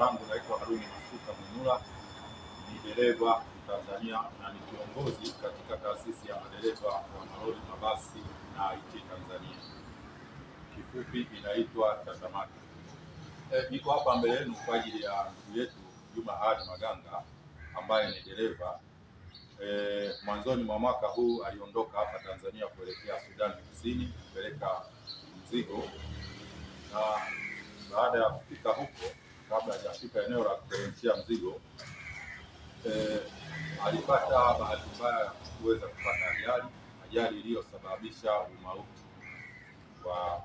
langu naitwa Haruni Masuka Munula, ni dereva Tanzania na ni kiongozi katika taasisi ya madereva wa malori, mabasi na IT Tanzania, kifupi inaitwa TATAMATA. E, niko hapa mbele yenu kwa ajili ya ndugu yetu Juma Hadi Maganga ambaye ni dereva e, mwanzoni mwa mwaka huu aliondoka hapa Tanzania kuelekea Sudani Kusini kupeleka mzigo na baada ya kufika huko kabla hajafika eneo la kuteremshia mzigo eh, alipata bahati mbaya ya kuweza kupata ajali, ajali iliyosababisha umauti wa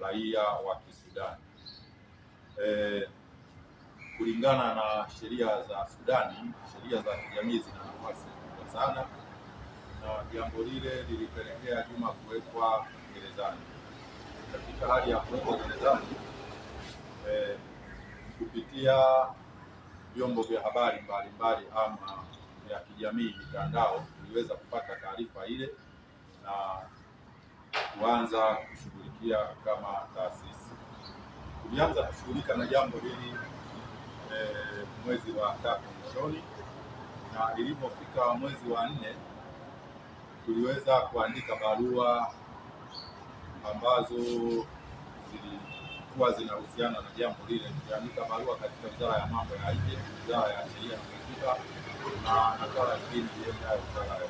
raia wa Kisudani. Eh, kulingana na sheria za Sudani, sheria za kijamii zina nafasi kubwa sana, na jambo lile lilipelekea Juma kuwekwa gerezani. Katika hali ya kuwekwa gerezani eh, kupitia vyombo vya habari mbalimbali ama ya kijamii, mitandao, tuliweza kupata taarifa ile na kuanza kushughulikia kama taasisi. Tulianza kushughulika na jambo hili e, mwezi wa tatu mwishoni, na ilipofika mwezi wa nne tuliweza kuandika barua ambazo zili zilikuwa zinahusiana na jambo lile. Tuliandika barua katika wizara ya mambo ya nje, wizara ya sheria na katiba na nakala nyingine iliyonayo wizara ya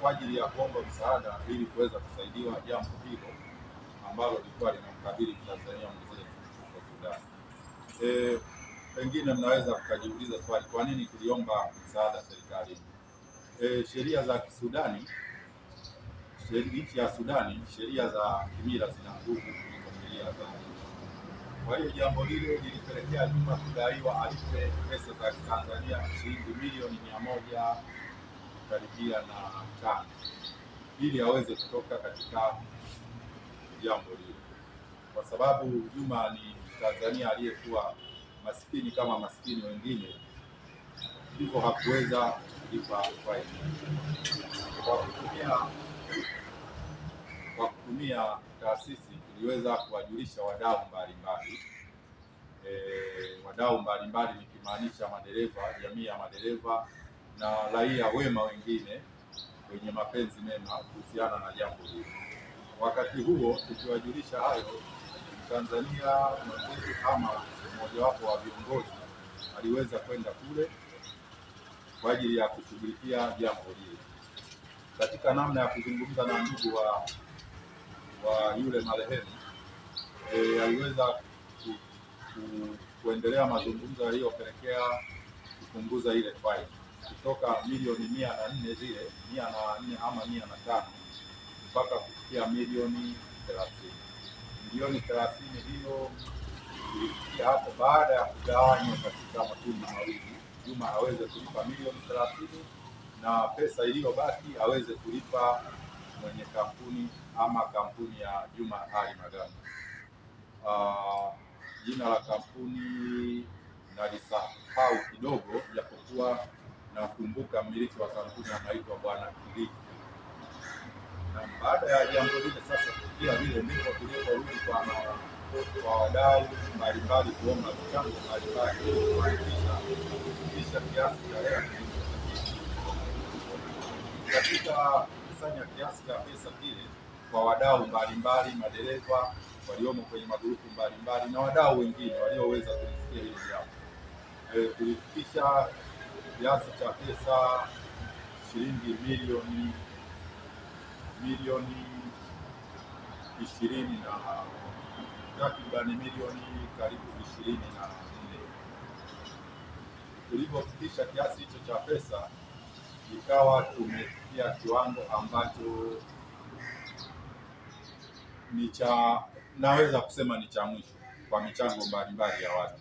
kwa ajili ya kuomba msaada ili kuweza kusaidiwa jambo hilo ambalo lilikuwa linamkabili Mtanzania mzee huko Sudan. E, pengine mnaweza mkajiuliza swali, kwa nini tuliomba msaada serikalini? E, sheria za Kisudani, nchi ya Sudani, sheria za kimila zina nguvu kuwaambia habari. Kwa hiyo jambo lile lilipelekea Juma kudaiwa alipe pesa za Tanzania shilingi milioni mia moja karibia na tano ili aweze kutoka katika jambo lile, kwa sababu Juma ni Tanzania aliyekuwa maskini kama maskini wengine, hivyo hakuweza kulipa faini kwa kutumia kwa kutumia taasisi niliweza kuwajulisha wadau mbalimbali e, wadau mbalimbali nikimaanisha madereva, jamii ya madereva na raia wema wengine wenye mapenzi mema kuhusiana na jambo hili. Wakati huo tukiwajulisha hayo, Tanzania mwenzetu kama mmojawapo wa viongozi aliweza kwenda kule kwa ajili ya kushughulikia jambo hili katika namna ya kuzungumza na ndugu wa wa yule marehemu e, aliweza ku, ku, kuendelea mazungumzo yaliyopelekea kupunguza ile faili kutoka milioni mia na nne zile mia na nne ama mia na tano mpaka kufikia milioni thelathini. Milioni thelathini hiyo ilifikia hapo baada ya kugawanywa katika makundi mawili, Juma aweze kulipa milioni thelathini na pesa iliyobaki aweze kulipa mwenye kampuni ama kampuni ya Juma Ali Maganga. Uh, ah, jina la kampuni nalisahau kidogo, japokuwa nakumbuka mmiliki wa kampuni anaitwa Bwana Kiliki. Na baada ya jambo lile sasa, kila vile ndipo tuliporudi kwa wadau mbalimbali kuomba michango mbalimbali kufanikisha kufikisha kiasi cha hela katika kukusanya kiasi cha pesa kile kwa wadau mbalimbali, madereva waliomo kwenye magrupu mbalimbali na wadau wengine walioweza kulisikia hilo jambo e, eh, kulifikisha kiasi cha pesa shilingi milioni milioni ishirini na takriban milioni karibu ishirini na nne. Tulivyofikisha kiasi hicho cha pesa ikawa tume kufikia kiwango ambacho ni cha naweza kusema ni cha mwisho kwa michango mbalimbali ya watu.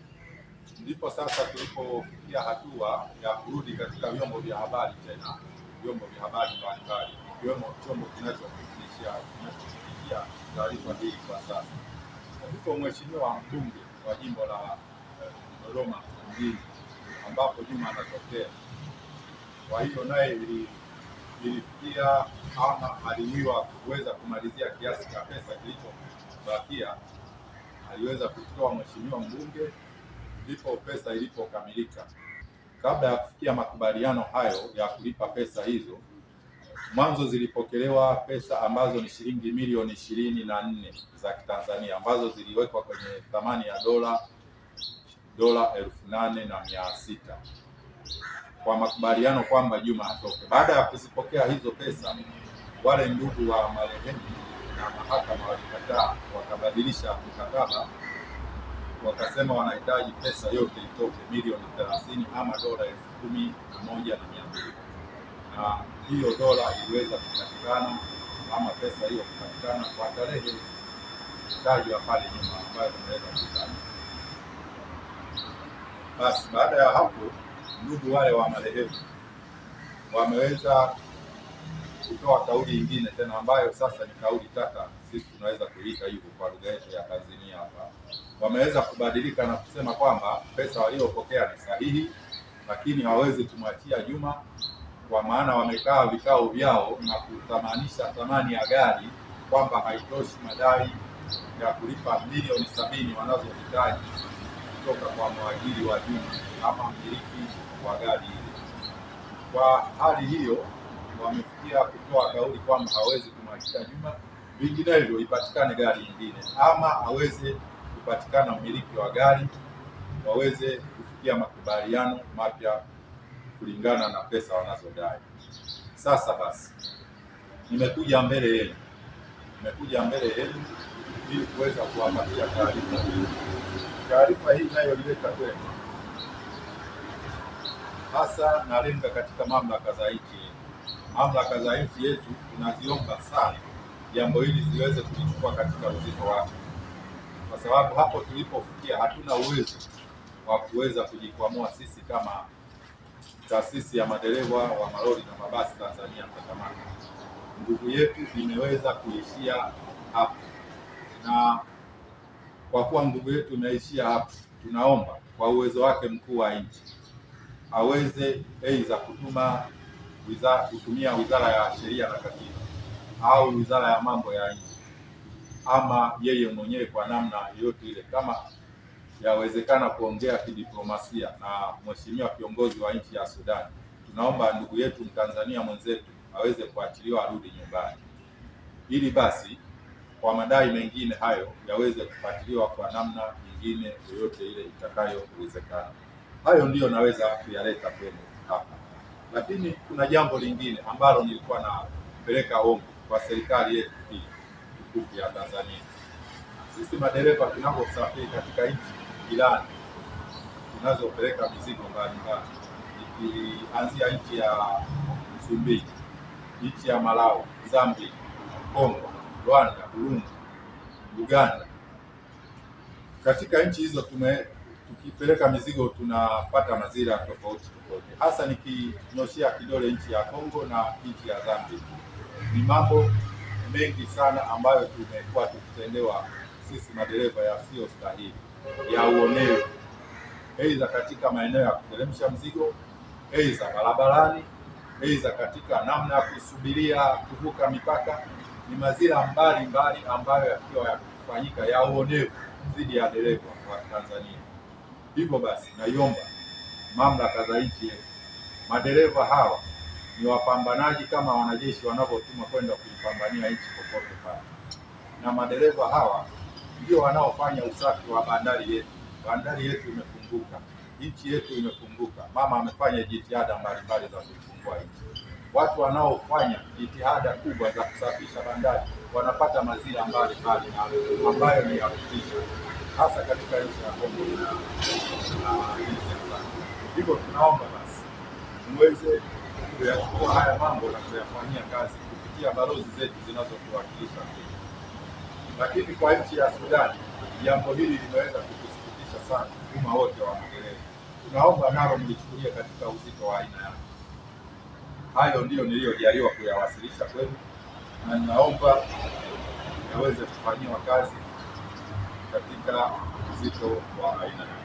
Ndipo sasa tulipofikia hatua ya kurudi katika vyombo vya habari tena, vyombo vya habari mbalimbali ikiwemo chombo kinachofikishia taarifa hii kwa sasa. Ndipo mheshimiwa mbunge wa jimbo la eh, Dodoma mjini ambapo Juma anatokea, kwa hiyo naye ili ilifikia ama aliwiwa kuweza kumalizia kiasi cha pesa kilichobakia, aliweza kutoa mheshimiwa mbunge, ndipo pesa ilipokamilika. Kabla ya kufikia makubaliano hayo ya kulipa pesa hizo, mwanzo zilipokelewa pesa ambazo ni shilingi milioni ishirini na nne za Kitanzania ambazo ziliwekwa kwenye thamani ya dola dola elfu nane na mia sita kwa makubaliano kwamba Juma atoke. Baada ya kuzipokea hizo pesa, wale ndugu wa marehemu na mahakama walikataa, wakabadilisha mkataba, wakasema wanahitaji pesa yote itoke milioni 30 ama dola elfu kumi na moja na mia mbili na hiyo dola iliweza kupatikana ama pesa hiyo kupatikana kwa tarehe tajwa pale nyuma ambayo tunaweza kutana. Basi baada ya hapo ndugu wale wa marehemu wameweza kutoa kauli nyingine tena ambayo sasa ni kauli tata, sisi tunaweza kuiita hivyo kwa lugha yetu ya Tanzania hapa. Wameweza kubadilika na kusema kwamba pesa waliopokea ni sahihi, lakini hawawezi kumwachia Juma kwa maana wamekaa vikao vyao na kuthamanisha thamani ya gari kwamba haitoshi madai ya kulipa milioni sabini wanazohitaji kutoka kwa mwajiri wa Juma ama mmiliki wa gari hili. Kwa hali hiyo, wamefikia kutoa kauli kwamba hawezi kumwachia Juma, vinginevyo ipatikane gari nyingine, ama aweze kupatikana mmiliki wa gari, waweze kufikia makubaliano mapya kulingana na pesa wanazodai. Sasa basi, nimekuja mbele yenu, nimekuja mbele yenu ili kuweza kuwapatia taarifa hii. Taarifa hii inayolileta kwenu hasa nalenga katika mamlaka za nchi yetu. Mamlaka za nchi yetu tunaziomba sana jambo hili ziweze kulichukua katika uzito wake, kwa sababu hapo tulipofikia hatuna uwezo wa kuweza kujikwamua sisi kama taasisi ya madereva wa malori na mabasi Tanzania Mtatamana. Nguvu yetu imeweza kuishia hapo, na kwa kuwa nguvu yetu imeishia hapo, tunaomba kwa uwezo wake mkuu wa nchi aweze eh, za kutuma wiza, kutumia wizara ya sheria na katiba au wizara ya mambo ya nje ama yeye mwenyewe kwa namna yoyote ile, kama yawezekana kuongea kidiplomasia na mheshimiwa kiongozi wa nchi ya Sudan, tunaomba ndugu yetu Mtanzania mwenzetu aweze kuachiliwa arudi nyumbani, ili basi kwa madai mengine hayo yaweze kufuatiliwa kwa namna nyingine yoyote ile itakayowezekana. Hayo ndiyo naweza kuyaleta kwenu hapa, lakini kuna jambo lingine ambalo nilikuwa napeleka ombi kwa serikali yetu hii tukufu ya Tanzania. Sisi madereva tunaposafiri katika nchi jirani tunazopeleka mizigo mbalimbali, ikianzia nchi ya Msumbiji, nchi ya Malawi, Zambia, Kongo, Rwanda, Burundi, Uganda, katika nchi hizo tume tukipeleka mizigo tunapata mazira tofauti tofauti, hasa nikinyoshea kidole nchi ya Kongo na nchi ya Zambia. Ni mambo mengi sana ambayo tumekuwa tukitendewa sisi madereva stahili ya uonevu, aidha katika maeneo ya kuteremsha mzigo, aidha barabarani, aidha katika namna ya kusubiria kuvuka mipaka. Ni mazira mbalimbali ambayo yakiwa yakifanyika ya uonevu dhidi ya dereva wa Tanzania. Hivyo basi, naiomba mamlaka za nchi yetu, madereva hawa ni wapambanaji kama wanajeshi wanavyotumwa kwenda kuipambania nchi popote pale, na madereva hawa ndio wanaofanya usafi wa bandari yetu. Bandari yetu imefunguka, nchi yetu imefunguka. Mama amefanya jitihada mbalimbali za kuifungua nchi. Watu wanaofanya jitihada kubwa za kusafisha bandari wanapata mazira mbalimbali ambayo ni ya kutisha hasa katika nchi ya Kongo na hivyo, tunaomba basi muweze kuyachukua haya mambo na kuyafanyia kazi kupitia balozi zetu zinazotuwakilisha. Lakini kwa nchi ya Sudani, jambo hili limeweza kutusikitisha sana umma wote wa magereza Tunaomba nalo mlichukulia katika uzito wa aina yake. Hayo ndiyo niliyojaliwa kuyawasilisha kwenu na ninaomba yaweze kufanyiwa kazi katika uzito wa aina